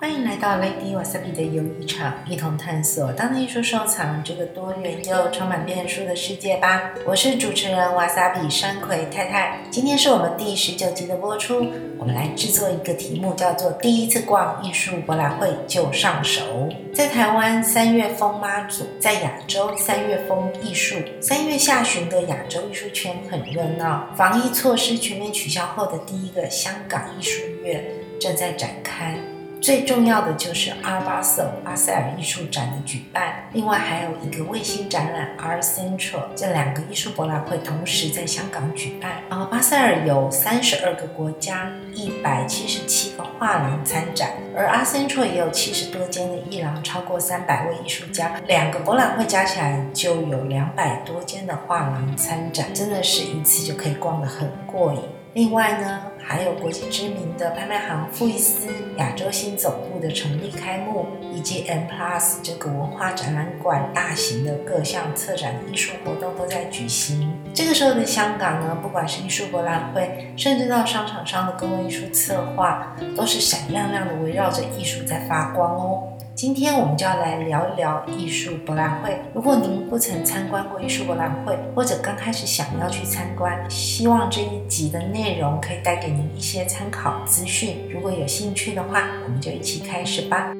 歡迎來到 Lady Wasabi 的遊藝場，一同探索當代藝術收藏這個多元又充滿變數的世界吧。我是主持人 Wasabi 山葵太太。今天是我們第十九集的播出，我們來製作一個題目，叫做“第一次逛藝術博覽會就上手”。在台灣三月瘋媽祖，在亞洲三月瘋藝術，三月下旬的亞洲藝術圈很熱鬧。防疫措施全面取消後的第一個香港藝術月正在展開。最重要的就是阿、巴塞爾巴塞爾藝術展的舉辦，另外還有一個衛星展覽 Art Central，這兩個藝術博覽會同時在香港舉辦。然後巴塞爾有三十二個國家，一百七十七個畫廊參展，而 Art Central 也有七十多間的藝廊，超過三百位藝術家，兩個博覽會加起來就有兩百多間的畫廊參展，真的是一次就可以逛得很過癮。另外呢，還有國際知名的拍賣行富藝斯亞洲新總部的成立開幕，以及 M Plus 這個文化展覽館大型的各項策展藝術活動都在舉行。這個時候的香港呢，不管是藝術博覽會，甚至到商場上的公共藝術策劃，都是閃亮亮的，圍繞着藝術在發光哦。今天我們就要來聊一聊藝術博覽會。如果您不曾參觀過藝術博覽會，或者剛開始想要去參觀，希望這一集的內容可以帶給您一些參考資訊。如果有興趣的話，我們就一起開始吧。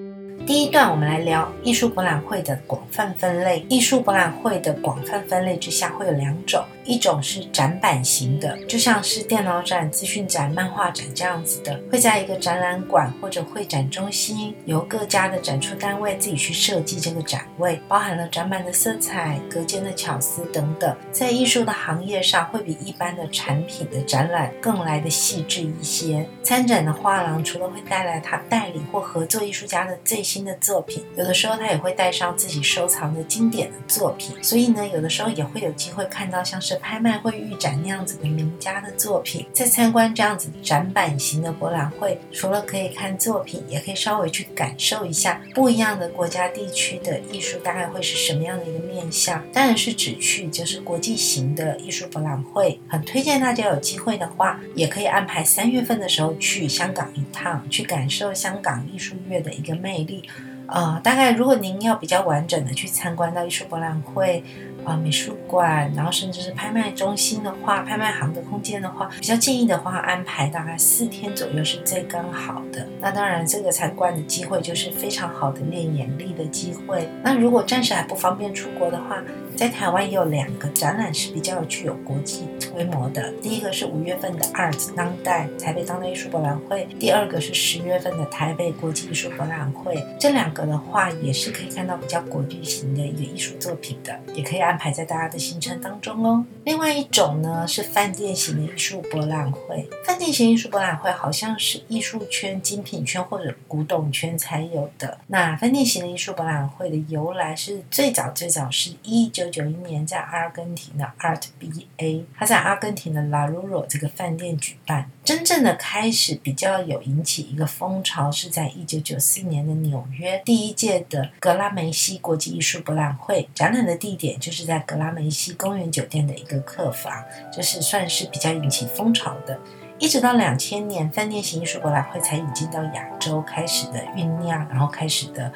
第一段，我們來聊藝術博覽會的廣泛分類。藝術博覽會的廣泛分類之下會有兩種。一種是展板型的，就像是電腦展、資訊展、漫畫展這樣子的，會在一個展覽館或者會展中心，由各家的展出單位自己去設計這個展位，包含了展板的色彩、隔間的巧思等等。在藝術的行業上，會比一般的產品的展覽更來的細緻一些。參展的畫廊除了會帶來他代理或合作藝術家的最新的作品，有的時候他也會帶上自己收藏的經典的作品，所以呢，有的時候也會有機會看到像是。拍賣會預展那樣子的名家的作品。在參觀這樣子展板型的博覽會，除了可以看作品，也可以稍微去感受一下不一樣的國家地區的藝術大概會是什麼樣的一個面向。當然是指去就是國際型的藝術博覽會。很推薦大家有機會的話，也可以安排三月份的時候去香港一趟，去感受香港藝術月的一個魅力。呃，大概如果您要比較完整的去參觀到藝術博覽會，啊，美術館，然後甚至是拍賣中心的話，拍賣行的空間的話，比較建議的話，安排大概四天左右是最剛好的。那當然，這個參觀的機會就是非常好的練眼力的機會。那如果暫時還不方便出國的話，在台灣也有兩個展覽是比較具有國際規模的。第一個是五月份的 ART 當代台北當代藝術博覽會，第二個是十月份的台北國際藝術博覽會。這兩個的話，也是可以看到比較國際型的一個藝術作品的，也可以按排在大家的行程當中哦。另外一種呢，是飯店型的藝術博覽會。飯店型藝術博覽會好像是藝術圈、精品圈、或者古董圈才有的。那飯店型的藝術博覽會的由來是，最早最早是一九九一年在阿根廷的 ArtBA，它在阿根廷的 La Ruro 這個飯店舉辦。真正的開始比較有引起一個風潮是在一九九四年的紐約第一屆的格拉梅西國際藝術博覽會，展覽的地點就是在格拉梅西公園酒店的一個客房，這，就是算是比較引起風潮的。一直到兩千年，飯店型藝術博覽會才引進到亞洲，開始的醞釀，然後開始的。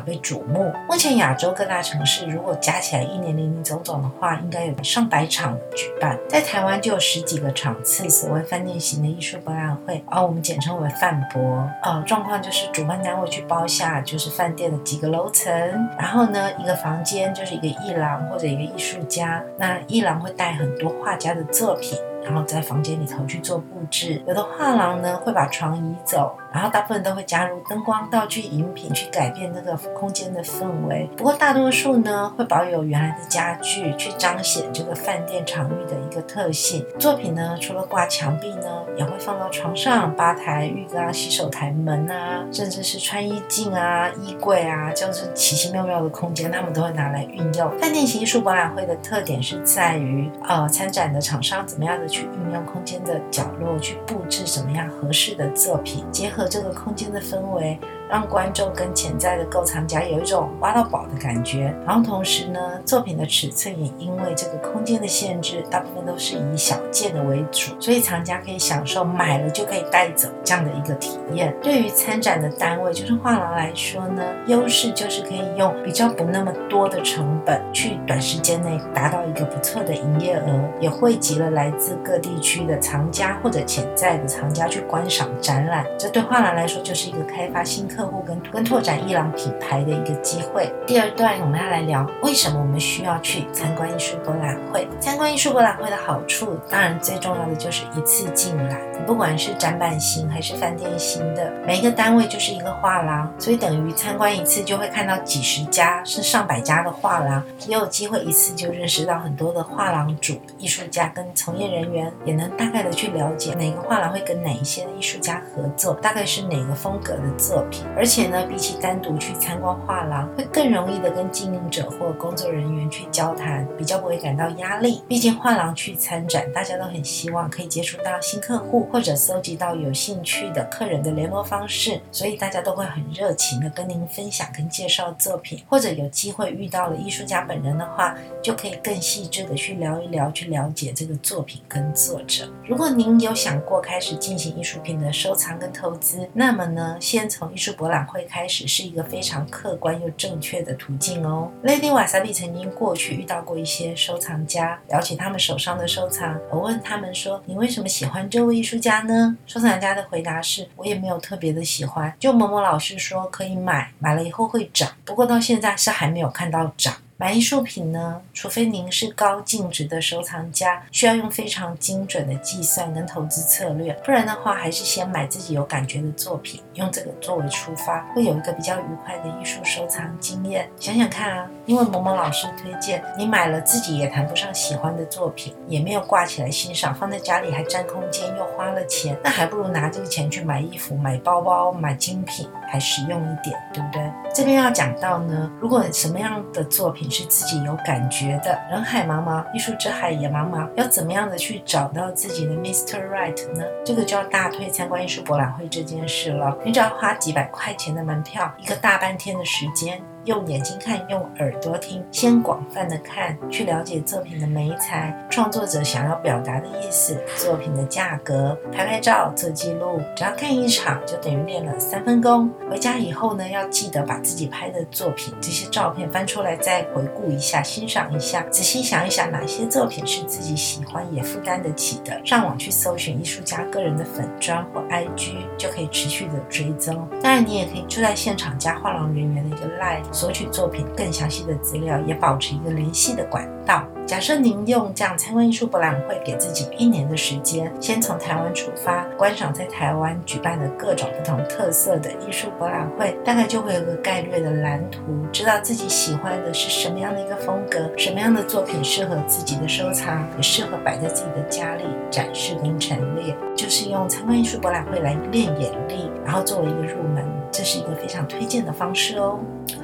被矚目。目前亞洲各大城市，如果加起來一年林林總總的話，應該有上百場舉辦。在台灣就有十幾個場次，所謂飯店型的藝術博覽會，而、哦、我們簡稱為飯博、哦。狀況就是主辦單位去包下就是飯店的幾個樓層，然後呢，一個房間就是一個藝廊或者一個藝術家，那藝廊會帶很多畫家的作品。然後在房間裡頭去做布置，有的畫廊呢會把床移走，然後大部分都會加入燈光、道具、飲品去改變那個空間的氛圍。不過大多數呢會保有原來的家具，去彰顯這個飯店場域的一個特性。作品呢除了掛牆壁呢，也會放到床上、吧台、浴缸、洗手台、門啊，甚至是穿衣鏡啊、衣櫃啊，就是奇奇妙妙的空間，他們都會拿來運用。飯店型藝術博覽會的特點是在於，呃，參展的廠商怎麼樣的去。去運用空間的角落，去布置怎麼樣合適的作品，結合這個空間的氛圍，讓觀眾跟潛在的購藏家有一種挖到寶的感覺，然後同時呢，作品的尺寸也因為這個空間的限制，大部分都是以小件的為主，所以藏家可以享受買了就可以帶走這樣的一個體驗。對於參展的單位，就是畫廊來說呢，優勢就是可以用比較不那麼多的成本，去短時間內達到一個不錯的營業額，也匯集了來自各地區的藏家或者潛在的藏家去觀賞展覽，這對畫廊來說就是一個開發新客戶跟跟拓展伊朗品牌的一個機會。第二段我們要來聊為什麼我們需要去參觀藝術博覽會。參觀藝術博覽會的好處，當然最重要的就是一次進來。你不管是展板型還是飯店型的，每一個單位就是一個畫廊，所以等於參觀一次就會看到幾十家，甚至上百家的畫廊，也有機會一次就認識到很多的畫廊主、藝術家跟從業人員，也能大概的去了解哪個畫廊會跟哪一些的藝術家合作，大概是哪個風格的作品。而且呢，比起單獨去參觀畫廊，會更容易的跟經營者或工作人員去交談，比較不會感到壓力。畢竟畫廊去參展，大家都很希望可以接觸到新客戶，或者蒐集到有興趣的客人的聯絡方式，所以大家都會很熱情的跟您分享跟介紹作品。或者有機會遇到了藝術家本人的話，就可以更細緻的去聊一聊，去了解這個作品跟作者。如果您有想過開始進行藝術品的收藏跟投資，那麼呢，先從藝術博覽會開始是一個非常客觀又正確的途徑哦。Lady Wasabi 曾經過去遇到過一些收藏家，聊起他們手上的收藏。我問他們說：“你為什麼喜歡這位藝術家呢？”收藏家的回答是：“我也沒有特別的喜歡，就某某老師說可以買，買了以後會漲，不過到現在是還沒有看到漲。”買藝術品呢，除非您是高淨值的收藏家，需要用非常精準的計算跟投資策略，不然的話，還是先買自己有感覺的作品，用這個作為出發，會有一個比較愉快的藝術收藏經驗。想想看啊，因為某某老師推薦，你買了自己也談不上喜歡的作品，也沒有掛起來欣賞，放在家裡還占空間，又花了錢，那還不如拿這個錢去買衣服、買包包、買精品，還實用一點，對不對？這邊要講到呢，如果什麼樣的作品？是自己有感覺的。人海茫茫，藝術之海也茫茫，要怎麼樣的去找到自己的 Mr. Right 呢？這個就要大推參觀藝術博覽會這件事了。你只要花幾百塊錢的門票，一個大半天的時間。用眼睛看，用耳朵聽，先廣泛的看，去了解作品的媒材創作者想要表達的意思、作品的價格，拍拍照做記錄。只要看一場，就等於練了三分功。回家以後呢，要記得把自己拍的作品這些照片翻出來，再回顧一下、欣賞一下，仔細想一想哪些作品是自己喜歡也負擔得起的。上網去搜尋藝術家個人的粉專或 IG，就可以持續的追蹤。當然，你也可以住在現場加畫廊人員的一個 LINE。索取作品更詳細的資料，也保持一個聯繫的管道。假設您用這樣參觀藝術博覽會，給自己一年的時間，先從台灣出發，觀賞在台灣舉辦的各種不同特色的藝術博覽會，大概就會有個概略的藍圖，知道自己喜歡的是什麼樣的一個風格，什麼樣的作品適合自己的收藏，也適合擺在自己的家裡展示跟陳列。就是用參觀藝術博覽會來練眼力，然後作為一個入門，這是一個非常推薦的方式哦。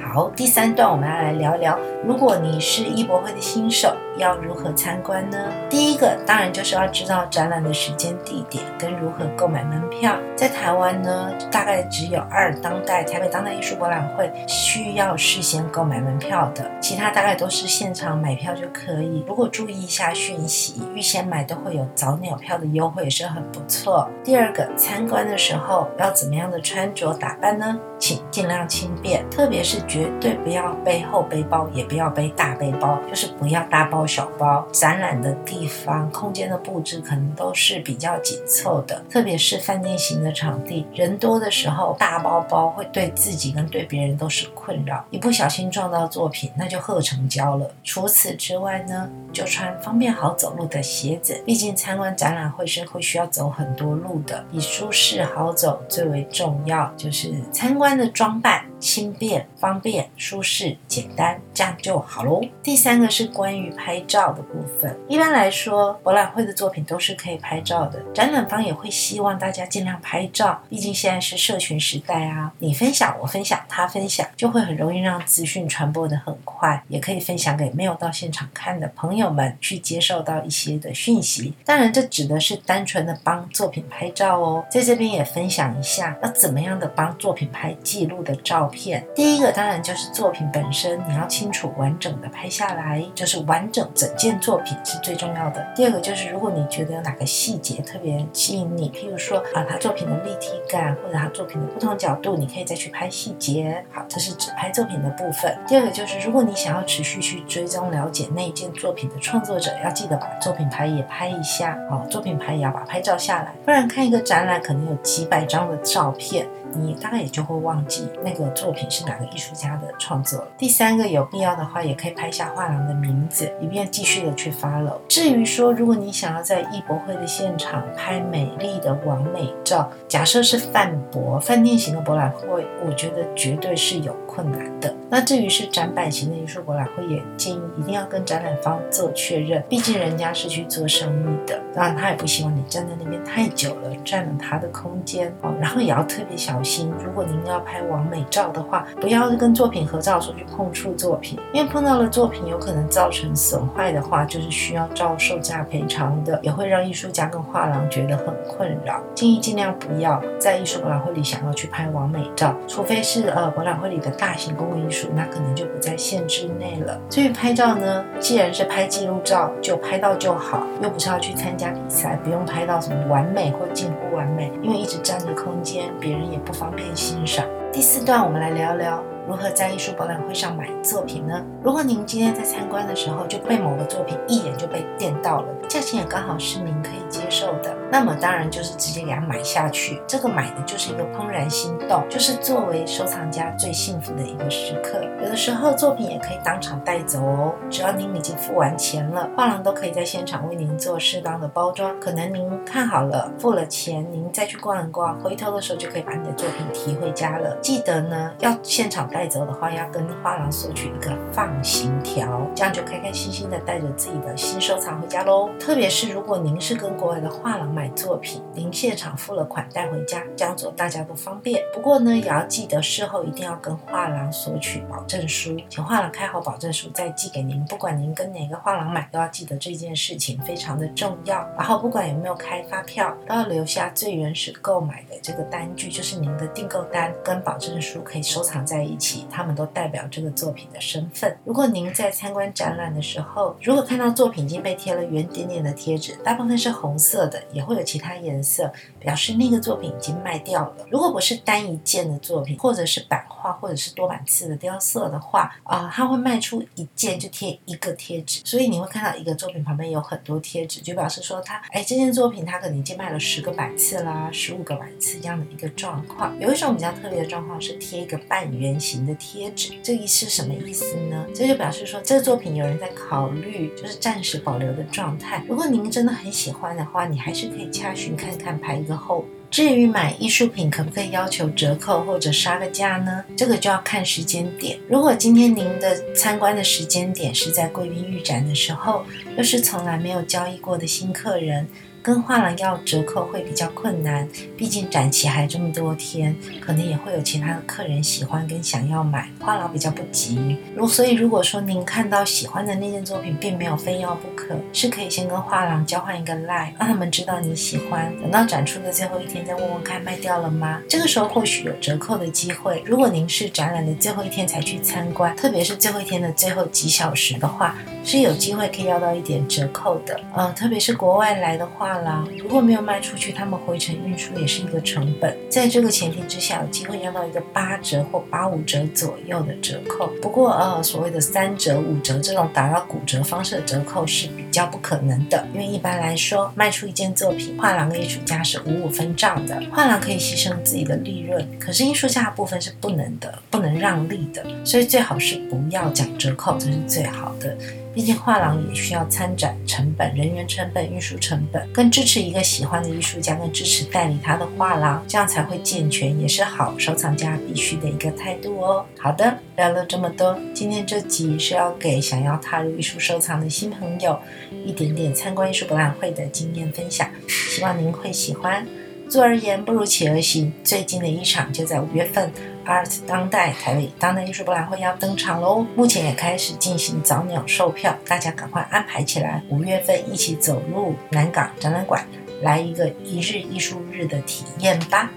好，第三段我們要來聊一聊，如果你是藝博會的新手，要如何參觀呢？第一個當然就是要知道展覽的時間、地點跟如何購買門票。在台灣呢，大概只有二當代台北當代藝術博覽會需要事先購買門票的，其他大概都是現場買票就可以。如果注意一下訊息，預先買都會有早鳥票的優惠，也是很不錯。第二個，參觀的時候要怎麼樣的穿着打扮呢？請儘量輕便，特別是。絕對不要背後背包，也不要背大背包，就是不要大包小包。展覽的地方空間的布置可能都是比較緊湊的，特別是飯店型的場地，人多的時候大包包會對自己跟對別人都是困擾。一不小心撞到作品，那就賀成交了。除此之外呢，就穿方便好走路的鞋子，畢竟參觀展覽會是會需要走很多路的，以舒適好走最為重要。就是參觀的裝扮輕便方。變舒適簡單，這樣就好嘍。第三個是關於拍照的部分。一般來說，博覽會的作品都是可以拍照的，展覽方也會希望大家盡量拍照。畢竟現在是社群時代啊，你分享，我分享，他分享，就會很容易讓資訊傳播得很快，也可以分享給沒有到現場看的朋友們去接受到一些的訊息。當然，這指的是單純的幫作品拍照哦。在這邊也分享一下，要怎麼樣的幫作品拍記錄的照片。第一個當然。就是作品本身，你要清楚完整的拍下來，就是完整整件作品是最重要的。第二個就是，如果你覺得有哪個細節特別吸引你，譬如說啊，他作品的立體感或者他作品的不同角度，你可以再去拍細節。好，這是只拍作品的部分。第二個就是，如果你想要持續去追蹤了解那件作品的創作者，要記得把作品牌也拍一下。好、哦，作品牌也要把拍照下來，不然看一個展覽可能有幾百張的照片。你大概也就會忘記那個作品是哪個藝術家的創作了。第三個，有必要的話也可以拍下畫廊的名字，以便繼續的去 follow。至於說，如果你想要在藝博會的現場拍美麗的完美照，假設是泛博、飯店型的博覽會，我覺得絕對是有困難的。那至於是展板型的藝術博覽會，也建議一定要跟展覽方做確認，畢竟人家是去做生意的，當然他也不希望你站在那邊太久了，佔了他的空間哦。然後也要特別小心，如果您要拍完美照的話，不要跟作品合照的時候去碰觸作品，因為碰到了作品有可能造成損壞的話，就是需要照售價賠償的，也會讓藝術家跟畫廊覺得很困擾。建議儘量不要在藝術博覽會裡想要去拍完美照，除非是呃博覽會裡的大型公共藝術，那可能就不在限制內了。至於拍照呢，既然是拍記錄照，就拍到就好，又不是要去參加比賽，不用拍到什麼完美或進步。完美，因為一直佔着空間，別人也不方便欣賞。第四段，我們來聊聊如何在藝術博覽會上買作品呢？如果您今天在參觀的時候，就被某個作品一眼就被電到了，價錢也剛好是您可以接受的。那麼當然就是直接給它買下去，這個買的就是一個怦然心動，就是作為收藏家最幸福的一個時刻。有的時候作品也可以當場帶走哦，只要您已經付完錢了，畫廊都可以在現場為您做適當的包裝。可能您看好了，付了錢，您再去逛一逛，回頭的時候就可以把你的作品提回家了。記得呢，要現場帶走的話，要跟畫廊索取一個放行條，這樣就開開心心的帶着自己的新收藏回家嘍。特別是如果您是跟國外的畫廊買。買作品，您現場付了款帶回家，這樣做大家都方便。不過呢，也要記得事後一定要跟畫廊索取保證書，請畫廊開好保證書再寄給您。不管您跟哪個畫廊買，都要記得這件事情非常的重要。然後不管有沒有開發票，都要留下最原始購買的這個單據，就是您的訂購單跟保證書，可以收藏在一起，他們都代表這個作品的身份。如果您在參觀展覽的時候，如果看到作品已經被貼了圓點點的貼紙，大部分是紅色的，也會。會有其他顏色，表示那個作品已經賣掉了。如果不是單一件的作品，或者是版畫，或者是多版次的雕塑的話，啊、呃，它會賣出一件就貼一個貼紙。所以你會看到一個作品旁邊有很多貼紙，就表示說它，哎，這件作品它可能已經賣了十個版次啦，十五個版次這樣的一個狀況。有一種比較特別的狀況是貼一個半圓形的貼紙，這一是什麼意思呢？這就表示說這個作品有人在考慮，就是暫時保留的狀態。如果你們真的很喜歡的話，你還是可以。洽詢看看排一個號。至於買藝術品可不可以要求折扣或者殺個價呢？這個就要看時間點。如果今天您的參觀的時間點是在貴賓預展的時候，又是從來沒有交易過的新客人。跟畫廊要折扣會比較困難，畢竟展期還這麼多天，可能也會有其他的客人喜歡跟想要買，畫廊比較不急。如所以如果說您看到喜歡的那件作品，並沒有非要不可，是可以先跟畫廊交換一個 LINE，讓他們知道你喜歡，等到展出的最後一天再問問看賣掉了嗎？這個時候或許有折扣的機會。如果您是展覽的最後一天才去參觀，特別是最後一天的最後幾小時的話。是有機會可以要到一點折扣的，呃，特別是國外來的畫廊，如果沒有賣出去，他們回程運輸也是一個成本。在這個前提之下，有機會要到一個八折或八五折左右的折扣。不過，呃，所謂的三折、五折這種打到骨折方式的折扣是比較不可能的，因為一般來說，賣出一件作品，畫廊的藝術家是五五分賬的，畫廊可以犧牲自己的利潤，可是藝術家的部分是不能的，不能讓利的，所以最好是不要講折扣，這是最好的。畢竟畫廊也需要參展成本、人員成本、運輸成本，更支持一個喜歡的藝術家，更支持代理他的畫廊，這樣才會健全，也是好收藏家必須的一個態度哦。好的，聊了這麼多，今天這集是要給想要踏入藝術收藏的新朋友，一點點參觀藝術博覽會的經驗分享，希望您會喜歡。坐而言不如起而行。最近的一場就在五月份，Art 當代台北當代藝術博覽會要登場嘍！目前也開始進行早鳥售票，大家趕快安排起來，五月份一起走入南港展覽館，來一個一日藝術日的體驗吧。